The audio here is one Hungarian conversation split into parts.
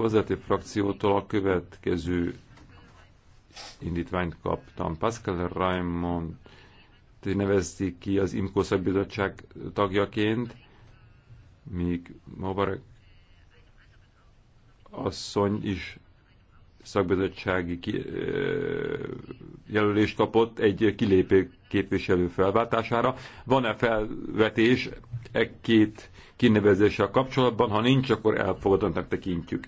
konzervatív frakciótól a következő indítványt kaptam. Pascal Raymond nevezték ki az IMCO szakbizottság tagjaként, míg Mavarek asszony is szakbizottsági ki, jelölést kapott egy kilépő képviselő felváltására. Van-e felvetés e két kinevezéssel kapcsolatban? Ha nincs, akkor elfogadottnak tekintjük.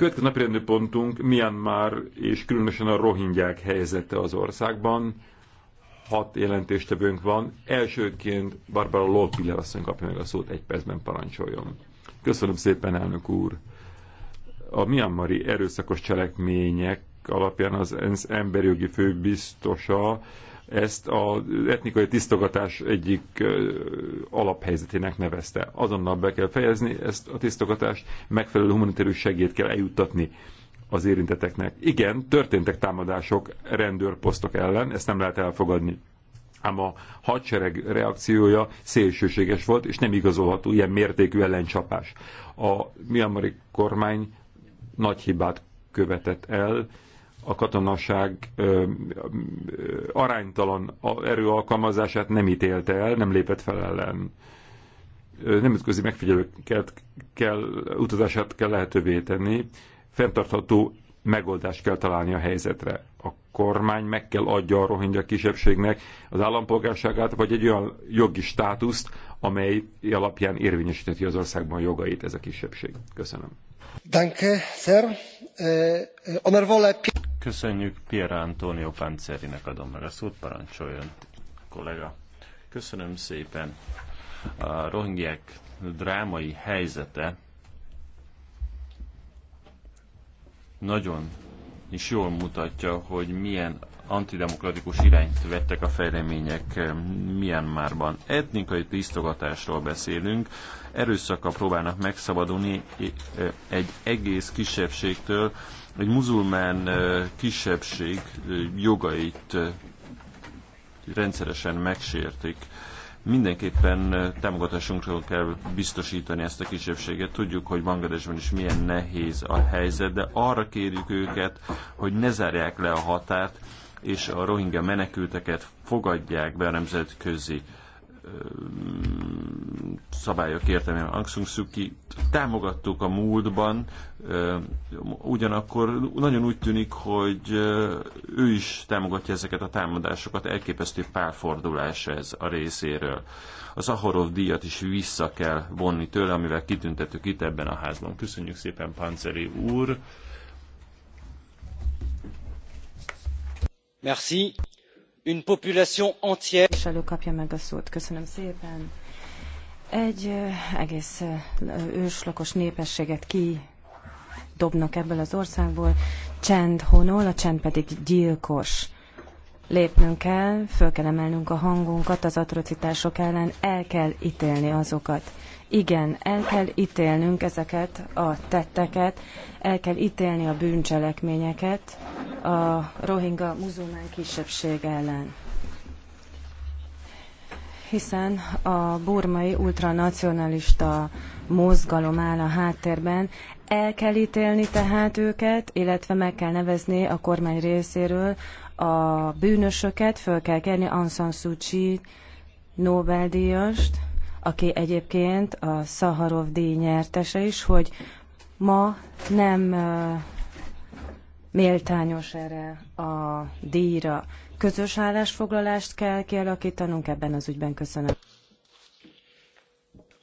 Következő napirendő pontunk Myanmar és különösen a rohingyák helyzete az országban. Hat jelentéstevőnk van. Elsőként Barbara Lolpiller asszony kapja meg a szót, egy percben parancsoljon. Köszönöm szépen, elnök úr! A Myanmari erőszakos cselekmények alapján az ENSZ emberjogi főbiztosa ezt az etnikai tisztogatás egyik alaphelyzetének nevezte. Azonnal be kell fejezni ezt a tisztogatást, megfelelő humanitárius segélyt kell eljuttatni az érinteteknek. Igen, történtek támadások rendőrposztok ellen, ezt nem lehet elfogadni. Ám a hadsereg reakciója szélsőséges volt, és nem igazolható ilyen mértékű ellencsapás. A miamari kormány nagy hibát követett el, a katonaság ö, ö, aránytalan erő alkalmazását nem ítélte el, nem lépett fel ellen. Nemzetközi megfigyelőket kell, utazását kell lehetővé tenni, fenntartható megoldást kell találni a helyzetre. A kormány meg kell adja a rohingya kisebbségnek az állampolgárságát, vagy egy olyan jogi státuszt, amely alapján érvényesíteti az országban jogait ez a kisebbség. Köszönöm. Danke, sir. Eh, Köszönjük Pierre Antonio Pancerinek adom meg a szót, parancsoljon kollega. Köszönöm szépen. A rohingyák drámai helyzete nagyon is jól mutatja, hogy milyen antidemokratikus irányt vettek a fejlemények Myanmarban. Etnikai tisztogatásról beszélünk, erőszakkal próbálnak megszabadulni egy egész kisebbségtől, egy muzulmán kisebbség jogait rendszeresen megsértik. Mindenképpen támogatásunkra kell biztosítani ezt a kisebbséget. Tudjuk, hogy Bangladesben is milyen nehéz a helyzet, de arra kérjük őket, hogy ne zárják le a határt, és a rohingya menekülteket fogadják be a nemzetközi szabályok értelmében Aung San Suu Kyi támogattuk a múltban, ugyanakkor nagyon úgy tűnik, hogy ő is támogatja ezeket a támadásokat, elképesztő párfordulás ez a részéről. Az Ahorov díjat is vissza kell vonni tőle, amivel kitüntetük itt ebben a házban. Köszönjük szépen, Panceri úr! Merci une population entière. Képviselő kapja meg a szót. Köszönöm szépen. Egy egész őslakos népességet ki dobnak ebből az országból. Csend honol, a csend pedig gyilkos lépnünk kell, föl kell emelnünk a hangunkat az atrocitások ellen, el kell ítélni azokat. Igen, el kell ítélnünk ezeket a tetteket, el kell ítélni a bűncselekményeket a Rohinga muzulmán kisebbség ellen hiszen a burmai ultranacionalista mozgalom áll a háttérben. El kell ítélni tehát őket, illetve meg kell nevezni a kormány részéről a bűnösöket, föl kell kérni Aung San Suu Kyi Nobel-díjast, aki egyébként a Szaharov díj nyertese is, hogy ma nem méltányos erre a díjra. Közös állásfoglalást kell kialakítanunk ebben az ügyben. Köszönöm.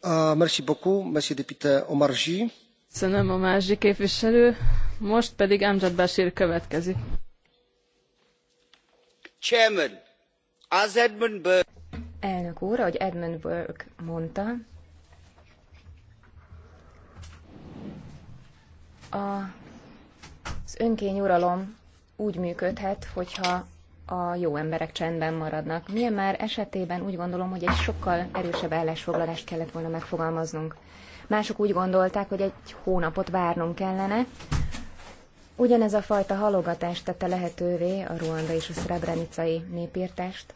Uh, merci beaucoup, merci député Omarji. Köszönöm a másik képviselő. Most pedig Amjad Bashir következik. Elnök úr, ahogy Edmund Burke mondta, az önkényuralom úgy működhet, hogyha a jó emberek csendben maradnak. Milyen már esetében úgy gondolom, hogy egy sokkal erősebb ellensfoglalást kellett volna megfogalmaznunk. Mások úgy gondolták, hogy egy hónapot várnunk kellene, Ugyanez a fajta halogatást tette lehetővé a ruanda és a szrebrenicai népírtást.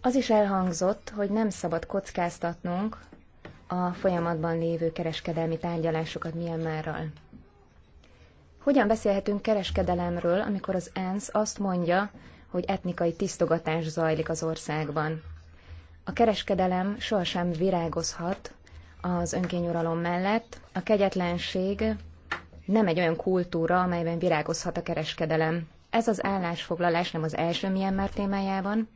Az is elhangzott, hogy nem szabad kockáztatnunk a folyamatban lévő kereskedelmi tárgyalásokat Myanmarral. Hogyan beszélhetünk kereskedelemről, amikor az ENSZ azt mondja, hogy etnikai tisztogatás zajlik az országban? A kereskedelem sohasem virágozhat az önkényuralom mellett, a kegyetlenség nem egy olyan kultúra, amelyben virágozhat a kereskedelem. Ez az állásfoglalás nem az első már témájában.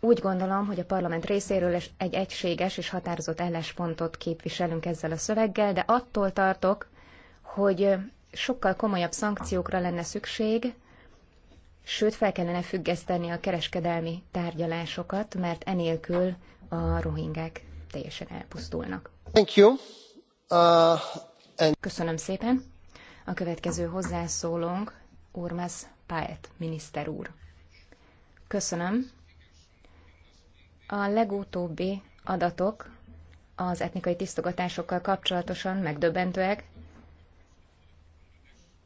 Úgy gondolom, hogy a parlament részéről egy egységes és határozott álláspontot képviselünk ezzel a szöveggel, de attól tartok, hogy sokkal komolyabb szankciókra lenne szükség, sőt fel kellene függeszteni a kereskedelmi tárgyalásokat, mert enélkül a rohingák teljesen elpusztulnak. Thank you. Uh, Köszönöm szépen. A következő hozzászólónk Urmas Paet, miniszter úr. Köszönöm. A legutóbbi adatok az etnikai tisztogatásokkal kapcsolatosan megdöbbentőek.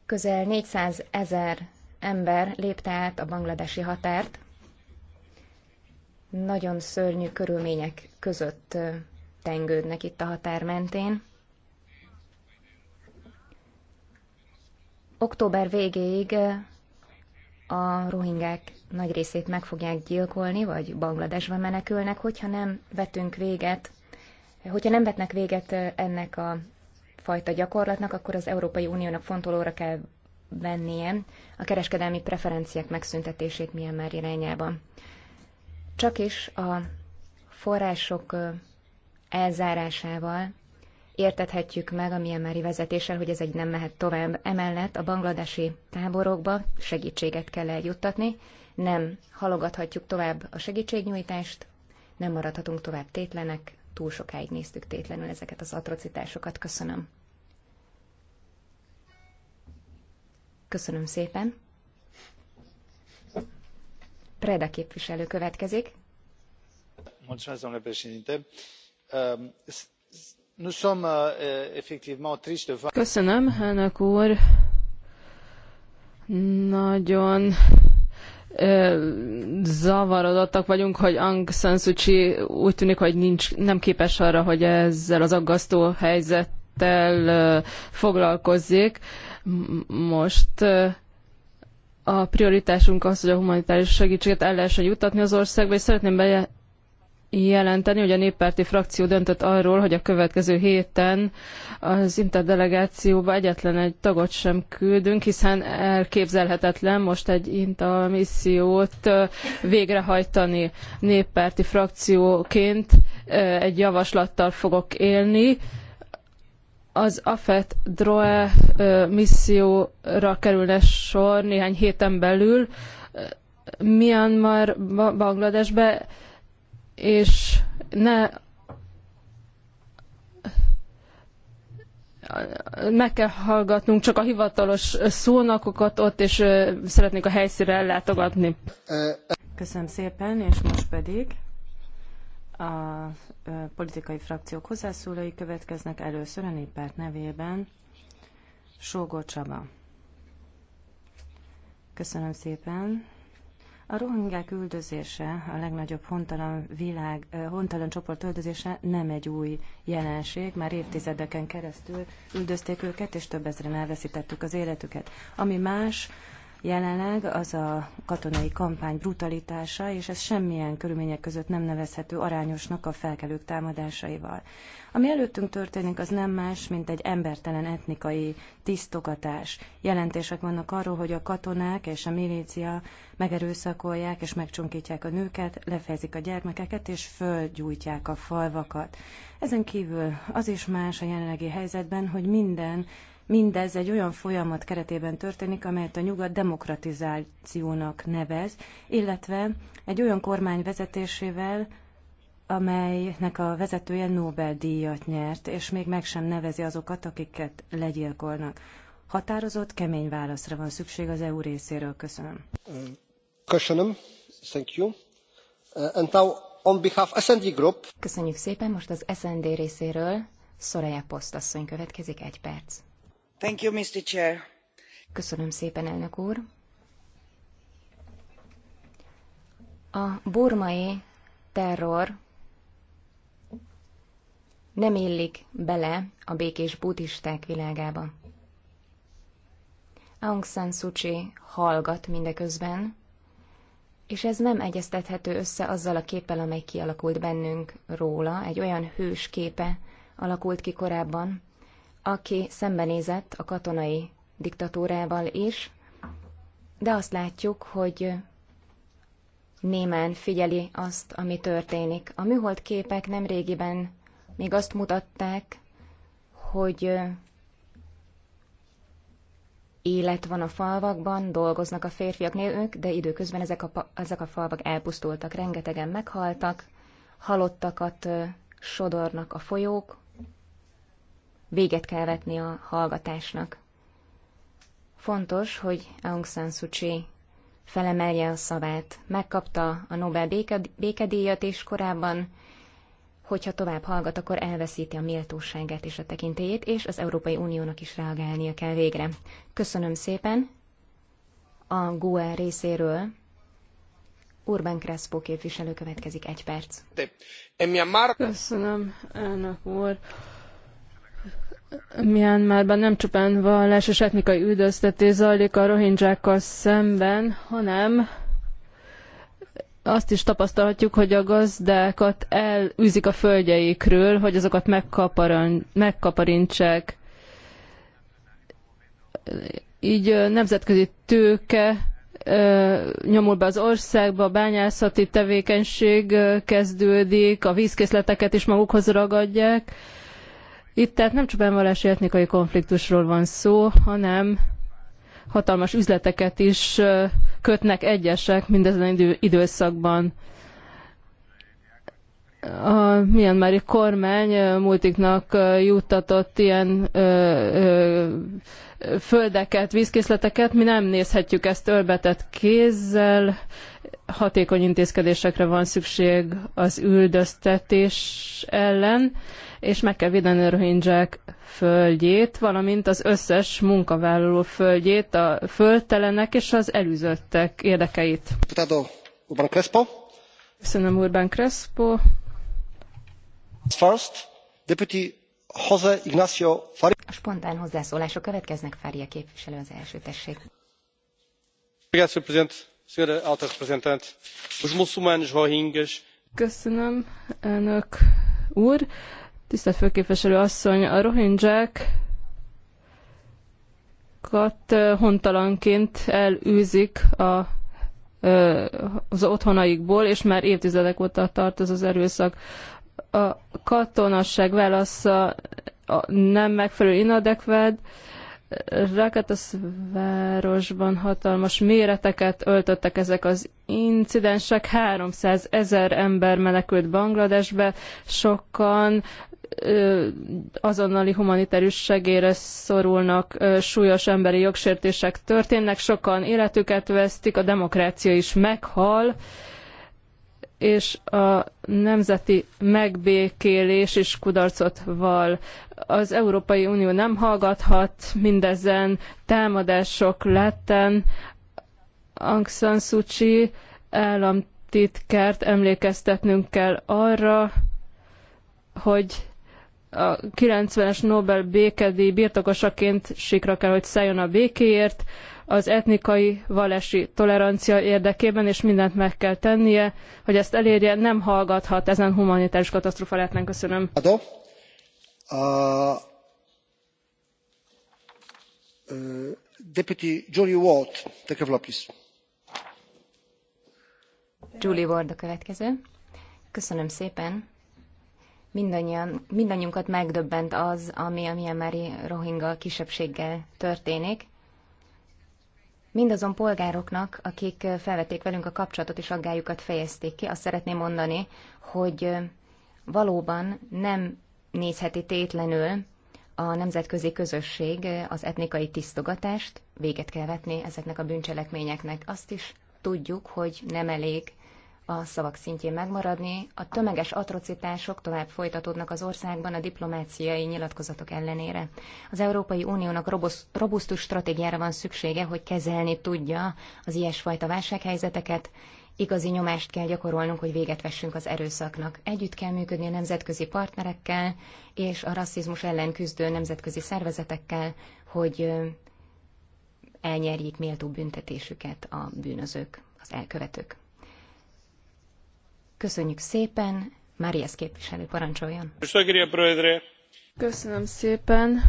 Közel 400 ezer ember lépte át a bangladesi határt. Nagyon szörnyű körülmények között tengődnek itt a határ mentén. Október végéig a rohingák nagy részét meg fogják gyilkolni, vagy Bangladesben menekülnek, hogyha nem vetünk véget, hogyha nem vetnek véget ennek a fajta gyakorlatnak, akkor az Európai Uniónak fontolóra kell vennie a kereskedelmi preferenciák megszüntetését milyen már irányába. Csak is a források elzárásával értethetjük meg a Myanmari vezetéssel, hogy ez egy nem mehet tovább. Emellett a bangladesi táborokba segítséget kell eljuttatni, nem halogathatjuk tovább a segítségnyújtást, nem maradhatunk tovább tétlenek, túl sokáig néztük tétlenül ezeket az atrocitásokat. Köszönöm. Köszönöm szépen. Preda képviselő következik. Köszönöm, domnule Euh, euh, Köszönöm, elnök úr. Nagyon zavarodottak vagyunk, hogy Aung San Suu Kyi úgy tűnik, hogy nincs, nem képes arra, hogy ezzel az aggasztó helyzettel foglalkozzék. Most a prioritásunk az, hogy a humanitárius segítséget el lehessen juttatni az országba, és szeretném jelenteni, hogy a néppárti frakció döntött arról, hogy a következő héten az interdelegációba egyetlen egy tagot sem küldünk, hiszen elképzelhetetlen most egy INTA missziót végrehajtani néppárti frakcióként egy javaslattal fogok élni, az AFET DROE misszióra kerülne sor néhány héten belül Myanmar, Bangladesbe, és ne meg kell hallgatnunk csak a hivatalos szónakokat ott, és szeretnék a helyszínre ellátogatni. Köszönöm szépen, és most pedig a politikai frakciók hozzászólói következnek először a néppárt nevében. Sógó Csaba. Köszönöm szépen. A rohingyák üldözése, a legnagyobb hontalan, világ, hontalan csoport üldözése nem egy új jelenség. Már évtizedeken keresztül üldözték őket, és több ezeren elveszítettük az életüket. Ami más, Jelenleg az a katonai kampány brutalitása, és ez semmilyen körülmények között nem nevezhető arányosnak a felkelők támadásaival. Ami előttünk történik, az nem más, mint egy embertelen etnikai tisztogatás. Jelentések vannak arról, hogy a katonák és a milícia megerőszakolják és megcsonkítják a nőket, lefejezik a gyermekeket és földgyújtják a falvakat. Ezen kívül az is más a jelenlegi helyzetben, hogy minden Mindez egy olyan folyamat keretében történik, amelyet a nyugat demokratizációnak nevez, illetve egy olyan kormány vezetésével, amelynek a vezetője Nobel-díjat nyert, és még meg sem nevezi azokat, akiket legyilkolnak. Határozott, kemény válaszra van szükség az EU részéről. Köszönöm. Köszönöm. Thank you. Uh, and now on behalf SND Group. Köszönjük szépen. Most az SND részéről Soraya Posztasszony következik egy perc. Köszönöm szépen, A burmai terror nem illik bele a békés buddhisták világába. Aung San Suu Kyi hallgat mindeközben, és ez nem egyeztethető össze azzal a képpel, amely kialakult bennünk róla, egy olyan hős képe alakult ki korábban, aki szembenézett a katonai diktatúrával is, de azt látjuk, hogy némán figyeli azt, ami történik. A műhold képek nem régiben még azt mutatták, hogy élet van a falvakban, dolgoznak a férfiak, nők, de időközben ezek a, ezek a falvak elpusztultak, rengetegen meghaltak, halottakat sodornak a folyók, véget kell vetni a hallgatásnak. Fontos, hogy Aung San Suu Kyi felemelje a szavát. Megkapta a Nobel békedíjat, és korábban, hogyha tovább hallgat, akkor elveszíti a méltóságát és a tekintélyét, és az Európai Uniónak is reagálnia kell végre. Köszönöm szépen a GUE részéről. Urban Crespo képviselő következik egy perc. Köszönöm, elnök úr. Myanmarban nem csupán vallás és etnikai üldöztetés zajlik a rohingyákkal szemben, hanem azt is tapasztalhatjuk, hogy a gazdákat elűzik a földjeikről, hogy azokat megkaparintsák. Így nemzetközi tőke nyomul be az országba, a bányászati tevékenység kezdődik, a vízkészleteket is magukhoz ragadják itt tehát nem csupán vallási etnikai konfliktusról van szó, hanem hatalmas üzleteket is kötnek egyesek mindezen idő, időszakban. A milyen Myanmari kormány multiknak juttatott ilyen ö, ö, földeket, vízkészleteket, mi nem nézhetjük ezt ölbetett kézzel, hatékony intézkedésekre van szükség az üldöztetés ellen, és meg kell védeni a rohingyák földjét, valamint az összes munkavállaló földjét, a földtelenek és az elűzöttek érdekeit. Köszönöm, Urban Crespo. First, Deputy José Ignacio Faria. A spontán hozzászólások következnek, Faria képviselő az első tessék. Köszönöm, elnök úr. Tisztelt főképviselő asszony, a rohingyák hontalanként elűzik a, az otthonaikból, és már évtizedek óta tart ez az erőszak. A katonasság válasza nem megfelelő inadekvált, Raketasvárosban hatalmas méreteket öltöttek ezek az incidensek. 300 ezer ember menekült Bangladesbe, sokan azonnali humanitárius segélyre szorulnak, súlyos emberi jogsértések történnek, sokan életüket vesztik, a demokrácia is meghal, és a nemzeti megbékélés is kudarcot val. Az Európai Unió nem hallgathat mindezen támadások letten. Aung San Suu Kyi államtitkert emlékeztetnünk kell arra, hogy a 90-es Nobel békedi birtokosaként sikra kell, hogy szálljon a békéért, az etnikai vallási tolerancia érdekében, és mindent meg kell tennie, hogy ezt elérje, nem hallgathat ezen humanitárius katasztrófa lehetlen. Köszönöm. Adó. Uh, Deputy Julie Ward, take a floor, please. Julie Ward a következő. Köszönöm szépen. Mindannyian, mindannyiunkat megdöbbent az, ami a Myanmari Rohingya kisebbséggel történik mindazon polgároknak, akik felvették velünk a kapcsolatot és aggájukat fejezték ki, azt szeretném mondani, hogy valóban nem nézheti tétlenül a nemzetközi közösség az etnikai tisztogatást, véget kell vetni ezeknek a bűncselekményeknek. Azt is tudjuk, hogy nem elég a szavak szintjén megmaradni, a tömeges atrocitások tovább folytatódnak az országban a diplomáciai nyilatkozatok ellenére. Az Európai Uniónak robusztus stratégiára van szüksége, hogy kezelni tudja az ilyesfajta válsághelyzeteket, Igazi nyomást kell gyakorolnunk, hogy véget vessünk az erőszaknak. Együtt kell működni a nemzetközi partnerekkel és a rasszizmus ellen küzdő nemzetközi szervezetekkel, hogy elnyerjék méltó büntetésüket a bűnözők, az elkövetők. Köszönjük szépen. Máriász képviselő parancsoljon. Köszönöm szépen.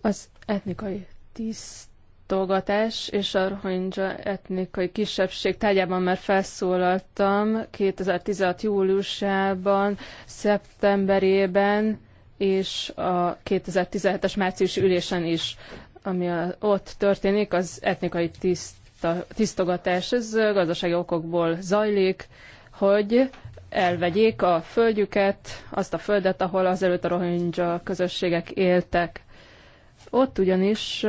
Az etnikai tisztogatás és a rohingya etnikai kisebbség tárgyában már felszólaltam 2016. júliusában, szeptemberében és a 2017-es márciusi ülésen is, ami ott történik, az etnikai tiszt a tisztogatás, ez gazdasági okokból zajlik, hogy elvegyék a földjüket, azt a földet, ahol azelőtt a rohingya közösségek éltek. Ott ugyanis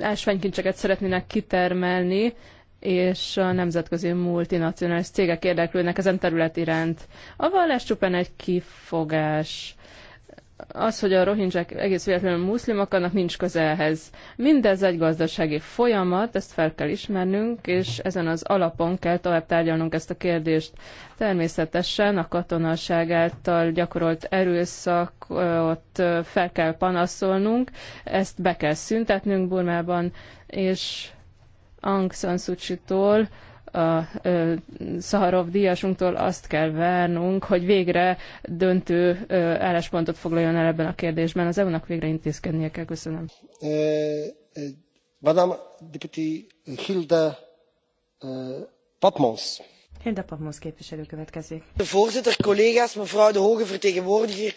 ásványkincseket szeretnének kitermelni, és a nemzetközi multinacionális cégek érdeklődnek ezen terület iránt. A vallás csupán egy kifogás az, hogy a rohingyák egész véletlenül muszlimok, annak nincs közelhez. Mindez egy gazdasági folyamat, ezt fel kell ismernünk, és ezen az alapon kell tovább tárgyalnunk ezt a kérdést. Természetesen a katonaság által gyakorolt erőszakot fel kell panaszolnunk, ezt be kell szüntetnünk Burmában, és Aung San Suu Kyi-tól a Szaharov díjasunktól azt kell várnunk, hogy végre döntő álláspontot foglaljon el ebben a kérdésben. Az EU-nak végre intézkednie kell. Köszönöm. Madame Deputy Hilda Papmos. Hilda Papmos képviselő következik. Voorzitter, collega's, mevrouw de hoge vertegenwoordiger.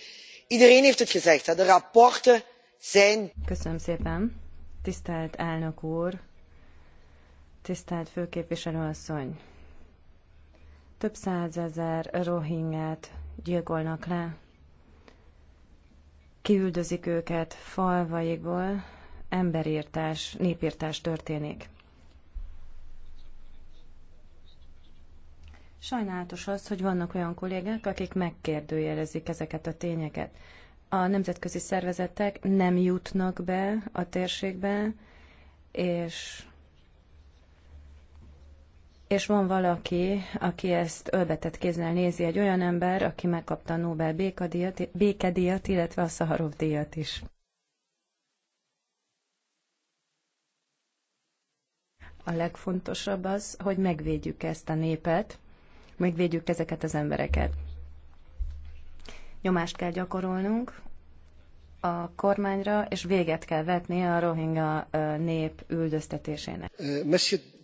Iedereen heeft het gezegd. De rapporten zijn... Köszönöm szépen. Tisztelt elnök úr, Tisztelt főképviselő asszony! Több százezer rohingát gyilkolnak le, kiüldözik őket falvaikból, emberírtás, népírtás történik. Sajnálatos az, hogy vannak olyan kollégák, akik megkérdőjelezik ezeket a tényeket. A nemzetközi szervezetek nem jutnak be a térségbe, és és van valaki, aki ezt ölbetett kézzel nézi, egy olyan ember, aki megkapta a Nobel békadíjat, békedíjat, illetve a Szaharov díjat is. A legfontosabb az, hogy megvédjük ezt a népet, megvédjük ezeket az embereket. Nyomást kell gyakorolnunk a kormányra, és véget kell vetni a rohingya nép üldöztetésének. Monsieur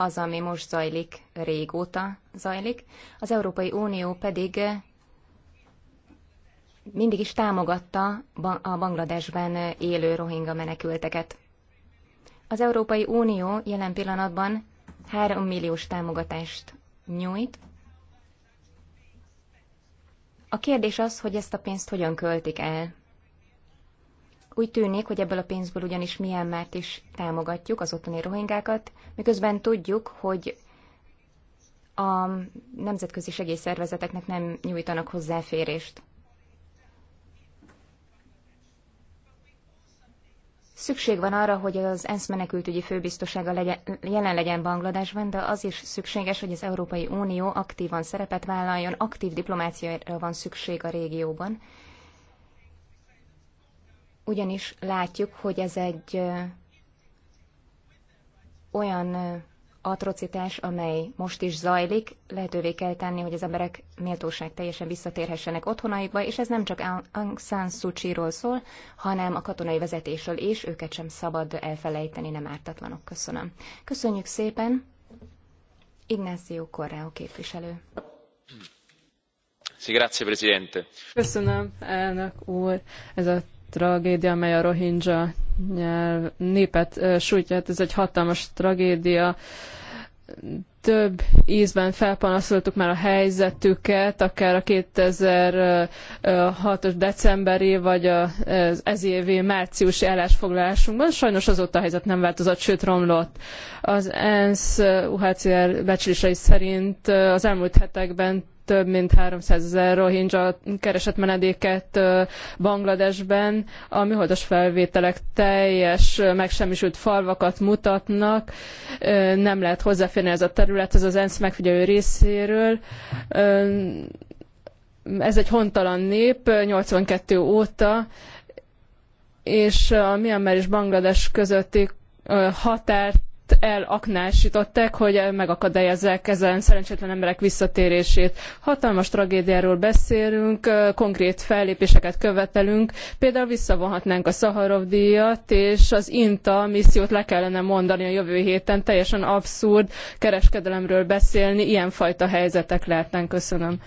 az, ami most zajlik, régóta zajlik. Az Európai Unió pedig mindig is támogatta a Bangladesben élő rohinga menekülteket. Az Európai Unió jelen pillanatban 3 milliós támogatást nyújt. A kérdés az, hogy ezt a pénzt hogyan költik el. Úgy tűnik, hogy ebből a pénzből ugyanis mert is támogatjuk, az ottani rohingákat, miközben tudjuk, hogy a nemzetközi segélyszervezeteknek nem nyújtanak hozzáférést. Szükség van arra, hogy az ENSZ menekültügyi főbiztosága legyen, jelen legyen Bangladesben, de az is szükséges, hogy az Európai Unió aktívan szerepet vállaljon, aktív diplomáciára van szükség a régióban, ugyanis látjuk, hogy ez egy olyan atrocitás, amely most is zajlik, lehetővé kell tenni, hogy az emberek méltóság teljesen visszatérhessenek otthonaikba, és ez nem csak Aung San Suu Kyi-ról szól, hanem a katonai vezetésről is, őket sem szabad elfelejteni, nem ártatlanok. Köszönöm. Köszönjük szépen. Ignacio Correo képviselő. Sí, grazie, Presidente. Köszönöm, elnök úr. Ez a tragédia, amely a rohingya nyelv, népet sújtja, hát ez egy hatalmas tragédia. Több ízben felpanaszoltuk már a helyzetüket, akár a 2006-os decemberi, vagy az ez évi márciusi állásfoglalásunkban. Sajnos azóta a helyzet nem változott, sőt romlott. Az ENSZ UHCR uh, becslései szerint az elmúlt hetekben több mint 300 ezer rohingya keresett menedéket Bangladesben. A műholdas felvételek teljes megsemmisült falvakat mutatnak, nem lehet hozzáférni ez a terület, ez az ENSZ megfigyelő részéről ez egy hontalan nép 82 óta, és a Myanmar és Banglades közötti határt elaknásították, hogy megakadályozzák ezen szerencsétlen emberek visszatérését. Hatalmas tragédiáról beszélünk, konkrét fellépéseket követelünk. Például visszavonhatnánk a Szaharov díjat, és az INTA missziót le kellene mondani a jövő héten. Teljesen abszurd kereskedelemről beszélni, ilyenfajta helyzetek lehetnek. Köszönöm.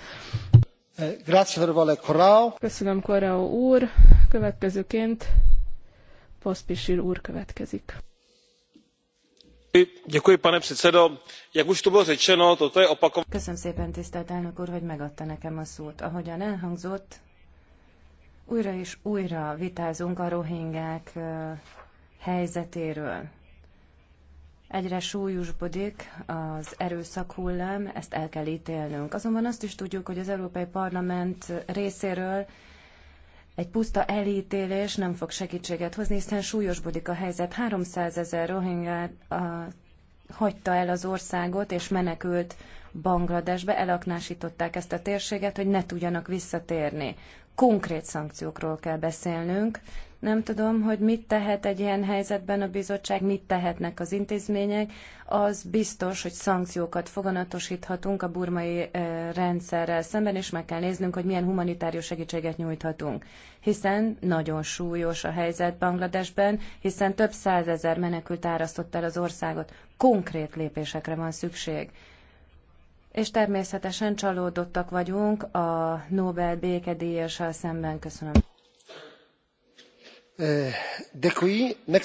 Eh, Köszönöm, Korao úr. Következőként Poszpisír úr következik pane předsedající jak už tu bylo řečeno toto je opakovaná. köszönöm szépen tisztelt elnök úr hogy megadta nekem a szót. ahogyan elhangzott újra és újra vitázunk a rohingyák helyzetéről. Egyre súlyosbodik az erőszak ezt el kell ítélnünk. Azonban azt is tudjuk, hogy az Európai Parlament részéről egy puszta elítélés nem fog segítséget hozni, hiszen súlyosbodik a helyzet. 300 ezer rohingya hagyta el az országot, és menekült Bangladesbe, elaknásították ezt a térséget, hogy ne tudjanak visszatérni. Konkrét szankciókról kell beszélnünk, nem tudom, hogy mit tehet egy ilyen helyzetben a bizottság, mit tehetnek az intézmények. Az biztos, hogy szankciókat foganatosíthatunk a burmai eh, rendszerrel szemben, és meg kell néznünk, hogy milyen humanitárius segítséget nyújthatunk. Hiszen nagyon súlyos a helyzet Bangladesben, hiszen több százezer menekült árasztott el az országot. Konkrét lépésekre van szükség. És természetesen csalódottak vagyunk a Nobel békedíjassal szemben. Köszönöm. Eh, eh, eh,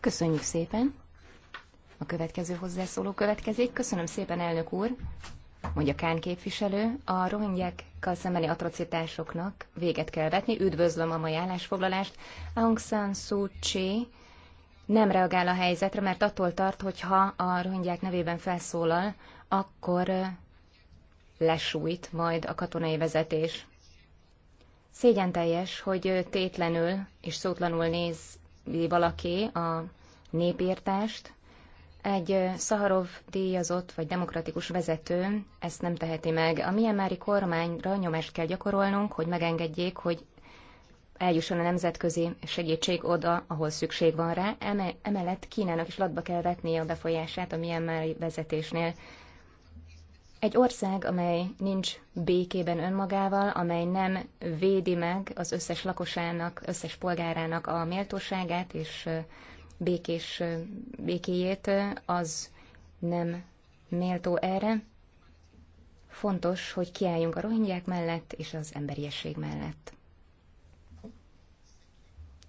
köszönjük szépen a következő hozzászóló következik köszönöm szépen elnök úr mondja Kán képviselő, a rohingyákkal szembeni atrocitásoknak véget kell vetni. Üdvözlöm a mai állásfoglalást. Aung San Suu Kyi nem reagál a helyzetre, mert attól tart, hogy ha a rohingyák nevében felszólal, akkor lesújt majd a katonai vezetés. Szégyen teljes, hogy tétlenül és szótlanul néz valaki a népírtást. Egy Szaharov díjazott vagy demokratikus vezető ezt nem teheti meg. A Miemári kormányra nyomást kell gyakorolnunk, hogy megengedjék, hogy eljusson a nemzetközi segítség oda, ahol szükség van rá. Emellett Kínának is latba kell vetnie a befolyását a Miemári vezetésnél. Egy ország, amely nincs békében önmagával, amely nem védi meg az összes lakosának, összes polgárának a méltóságát és békés békéjét, az nem méltó erre. Fontos, hogy kiálljunk a rohingyák mellett és az emberiesség mellett.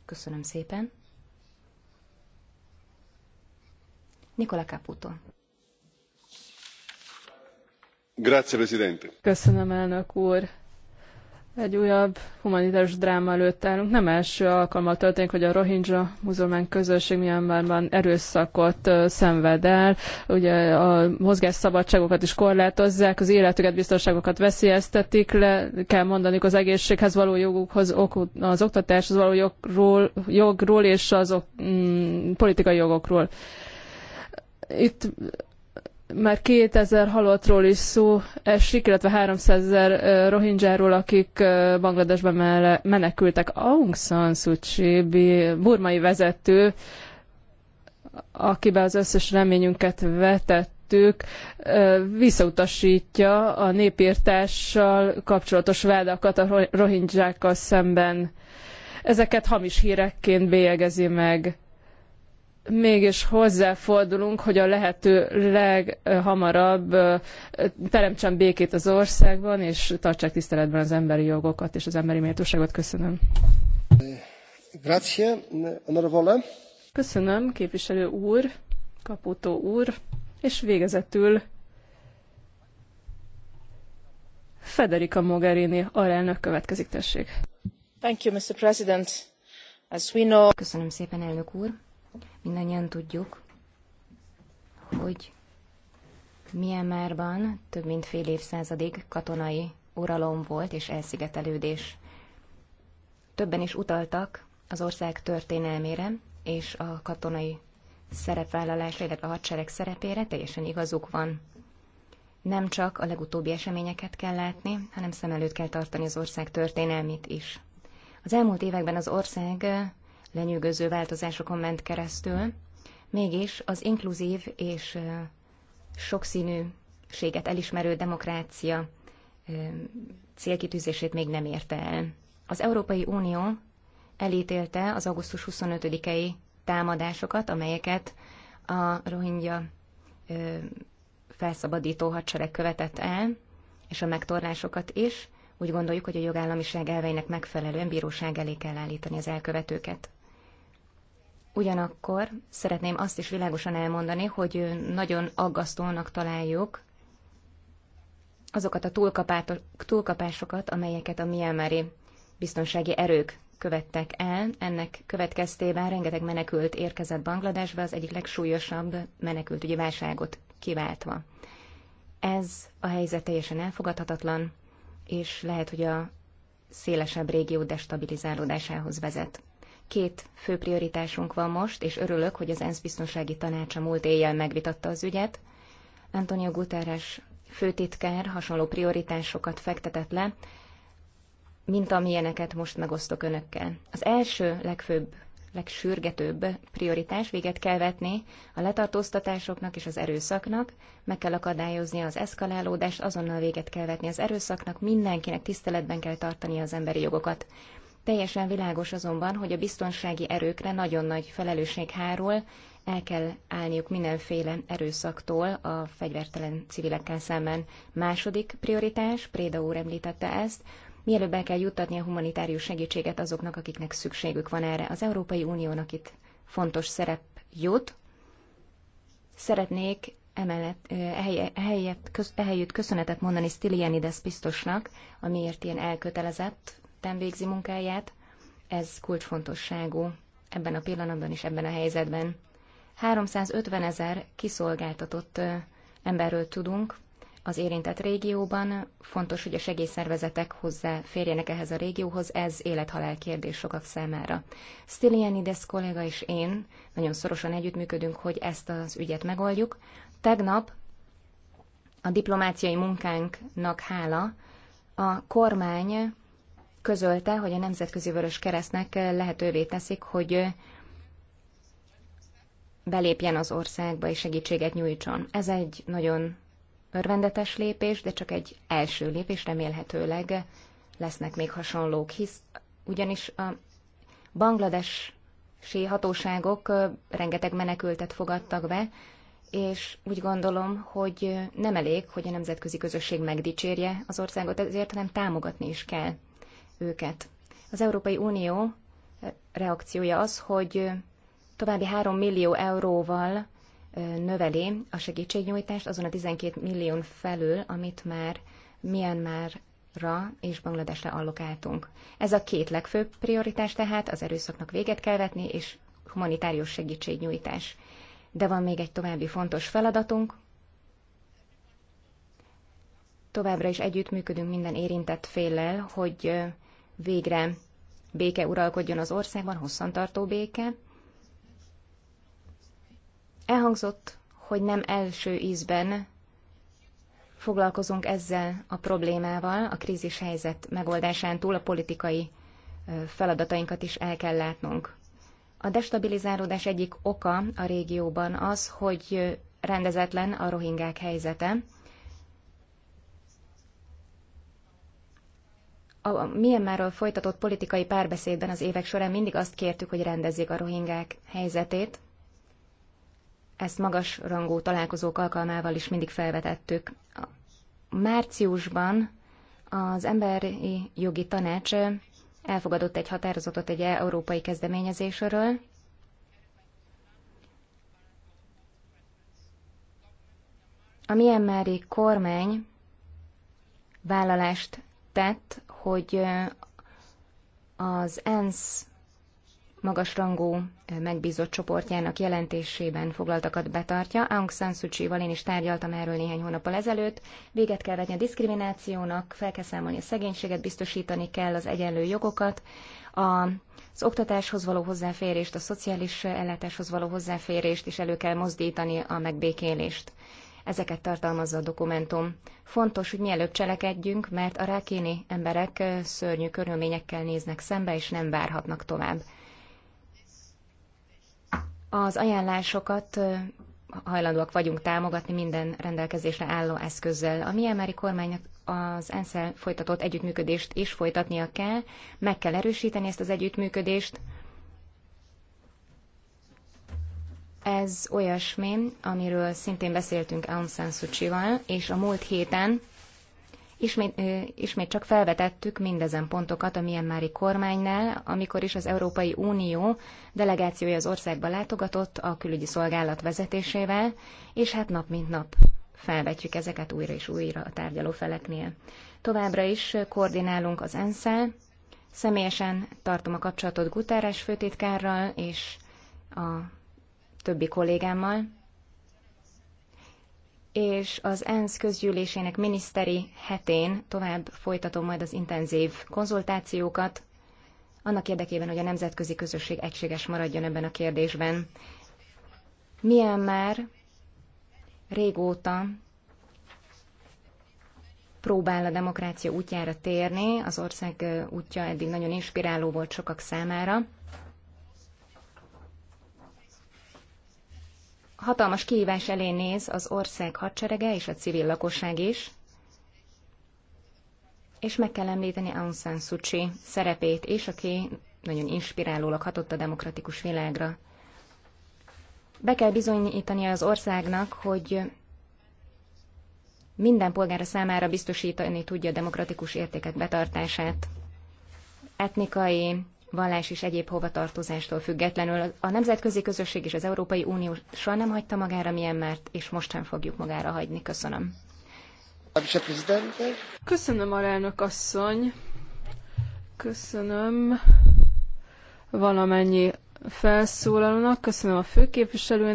Köszönöm szépen. Nikola Caputo. Köszönöm, elnök úr. Egy újabb humanitárius dráma előtt állunk. Nem első alkalommal történik, hogy a Rohingya muzulmán közösség Myanmarban erőszakot szenved el. Ugye a mozgásszabadságokat is korlátozzák, az életüket, biztonságokat veszélyeztetik le. Kell mondaniuk az egészséghez való jogukhoz, az oktatáshoz való jogról, jogról és az mm, politikai jogokról. Itt már 2000 halottról is szó esik, illetve 300 ezer rohingyáról, akik Bangladesbe menekültek. Aung San Suu Kyi, burmai vezető, akibe az összes reményünket vetettük, visszautasítja a népírtással kapcsolatos vádakat a rohingyákkal szemben. Ezeket hamis hírekként bélyegezi meg mégis hozzáfordulunk, hogy a lehető leghamarabb teremtsen békét az országban, és tartsák tiszteletben az emberi jogokat és az emberi méltóságot. Köszönöm. Grazie, onorevole. Köszönöm, képviselő úr, kaputó úr, és végezetül Federica Mogherini alelnök következik, tessék. Thank you, Mr. President. As we know... Köszönöm szépen, elnök úr. Mindannyian tudjuk, hogy Myanmarban több mint fél évszázadig katonai uralom volt és elszigetelődés. Többen is utaltak az ország történelmére és a katonai szerepvállalásra, illetve a hadsereg szerepére teljesen igazuk van. Nem csak a legutóbbi eseményeket kell látni, hanem szem előtt kell tartani az ország történelmét is. Az elmúlt években az ország lenyűgöző változásokon ment keresztül, mégis az inkluzív és sokszínűséget elismerő demokrácia célkitűzését még nem érte el. Az Európai Unió elítélte az augusztus 25-i támadásokat, amelyeket a rohingya felszabadító hadsereg követett el, és a megtorlásokat is. Úgy gondoljuk, hogy a jogállamiság elveinek megfelelően bíróság elé kell állítani az elkövetőket. Ugyanakkor szeretném azt is világosan elmondani, hogy nagyon aggasztónak találjuk azokat a túlkapásokat, amelyeket a Myanmari biztonsági erők követtek el. Ennek következtében rengeteg menekült érkezett Bangladesbe, az egyik legsúlyosabb menekültügyi válságot kiváltva. Ez a helyzet teljesen elfogadhatatlan, és lehet, hogy a szélesebb régió destabilizálódásához vezet. Két fő prioritásunk van most, és örülök, hogy az ENSZ biztonsági tanácsa múlt éjjel megvitatta az ügyet. Antonio Guterres főtitkár hasonló prioritásokat fektetett le, mint amilyeneket most megosztok önökkel. Az első legfőbb, legsürgetőbb prioritás véget kell vetni a letartóztatásoknak és az erőszaknak, meg kell akadályozni az eszkalálódást, azonnal véget kell vetni az erőszaknak, mindenkinek tiszteletben kell tartani az emberi jogokat. Teljesen világos azonban, hogy a biztonsági erőkre nagyon nagy felelősség hárul, el kell állniuk mindenféle erőszaktól a fegyvertelen civilekkel szemben. Második prioritás, Préda úr említette ezt, mielőbb el kell juttatni a humanitárius segítséget azoknak, akiknek szükségük van erre. Az Európai Uniónak itt fontos szerep jut. Szeretnék emellett ehelyett, köz, ehelyütt köszönetet mondani Stilianides biztosnak, amiért ilyen elkötelezett szinten végzi munkáját, ez kulcsfontosságú ebben a pillanatban és ebben a helyzetben. 350 ezer kiszolgáltatott emberről tudunk az érintett régióban. Fontos, hogy a segélyszervezetek hozzáférjenek ehhez a régióhoz, ez élethalál kérdés sokak számára. Stilianides kolléga és én nagyon szorosan együttműködünk, hogy ezt az ügyet megoldjuk. Tegnap a diplomáciai munkánknak hála a kormány közölte, hogy a Nemzetközi Vörös Keresztnek lehetővé teszik, hogy belépjen az országba és segítséget nyújtson. Ez egy nagyon örvendetes lépés, de csak egy első lépés, remélhetőleg lesznek még hasonlók, hisz ugyanis a bangladesi hatóságok rengeteg menekültet fogadtak be, és úgy gondolom, hogy nem elég, hogy a nemzetközi közösség megdicsérje az országot, ezért nem támogatni is kell őket. Az Európai Unió reakciója az, hogy további 3 millió euróval növeli a segítségnyújtást azon a 12 millión felül, amit már Myanmarra és Bangladesre allokáltunk. Ez a két legfőbb prioritás tehát, az erőszaknak véget kell vetni, és humanitárius segítségnyújtás. De van még egy további fontos feladatunk. Továbbra is együttműködünk minden érintett féllel, hogy végre béke uralkodjon az országban, hosszantartó béke. Elhangzott, hogy nem első ízben foglalkozunk ezzel a problémával, a krízis helyzet megoldásán túl a politikai feladatainkat is el kell látnunk. A destabilizálódás egyik oka a régióban az, hogy rendezetlen a rohingák helyzete, a Myanmarról folytatott politikai párbeszédben az évek során mindig azt kértük, hogy rendezzék a rohingák helyzetét. Ezt magas rangú találkozók alkalmával is mindig felvetettük. Márciusban az Emberi Jogi Tanács elfogadott egy határozatot egy európai kezdeményezésről, A Myanmari kormány vállalást tett, hogy az ENSZ magasrangú megbízott csoportjának jelentésében foglaltakat betartja. Aung San Suu Kyi-val én is tárgyaltam erről néhány hónappal ezelőtt. Véget kell vetni a diszkriminációnak, fel kell számolni a szegénységet, biztosítani kell az egyenlő jogokat, az oktatáshoz való hozzáférést, a szociális ellátáshoz való hozzáférést, és elő kell mozdítani a megbékélést. Ezeket tartalmazza a dokumentum. Fontos, hogy mielőbb cselekedjünk, mert a rákéni emberek szörnyű körülményekkel néznek szembe, és nem várhatnak tovább. Az ajánlásokat hajlandóak vagyunk támogatni minden rendelkezésre álló eszközzel. A emberi kormánynak az ENSZ-el folytatott együttműködést is folytatnia kell, meg kell erősíteni ezt az együttműködést, Ez olyasmi, amiről szintén beszéltünk Aung San Suu Kyi-val, és a múlt héten ismét, ö, ismét csak felvetettük mindezen pontokat a Myanmari kormánynál, amikor is az Európai Unió delegációja az országba látogatott a külügyi szolgálat vezetésével, és hát nap mint nap felvetjük ezeket újra és újra a tárgyaló feleknél. Továbbra is koordinálunk az ensz -el. Személyesen tartom a kapcsolatot Guterres főtitkárral és a többi kollégámmal, és az ENSZ közgyűlésének miniszteri hetén tovább folytatom majd az intenzív konzultációkat, annak érdekében, hogy a nemzetközi közösség egységes maradjon ebben a kérdésben. Milyen már régóta próbál a demokrácia útjára térni, az ország útja eddig nagyon inspiráló volt sokak számára, hatalmas kihívás elé néz az ország hadserege és a civil lakosság is, és meg kell említeni Aung San Suu Kyi szerepét és aki nagyon inspirálólag hatott a demokratikus világra. Be kell bizonyítani az országnak, hogy minden polgára számára biztosítani tudja a demokratikus értékek betartását. Etnikai, vallás és egyéb hovatartozástól függetlenül. A nemzetközi közösség és az Európai Unió soha nem hagyta magára Myanmart, és most sem fogjuk magára hagyni. Köszönöm. Köszönöm, alelnök asszony. Köszönöm valamennyi felszólalónak, köszönöm a főképviselőnek.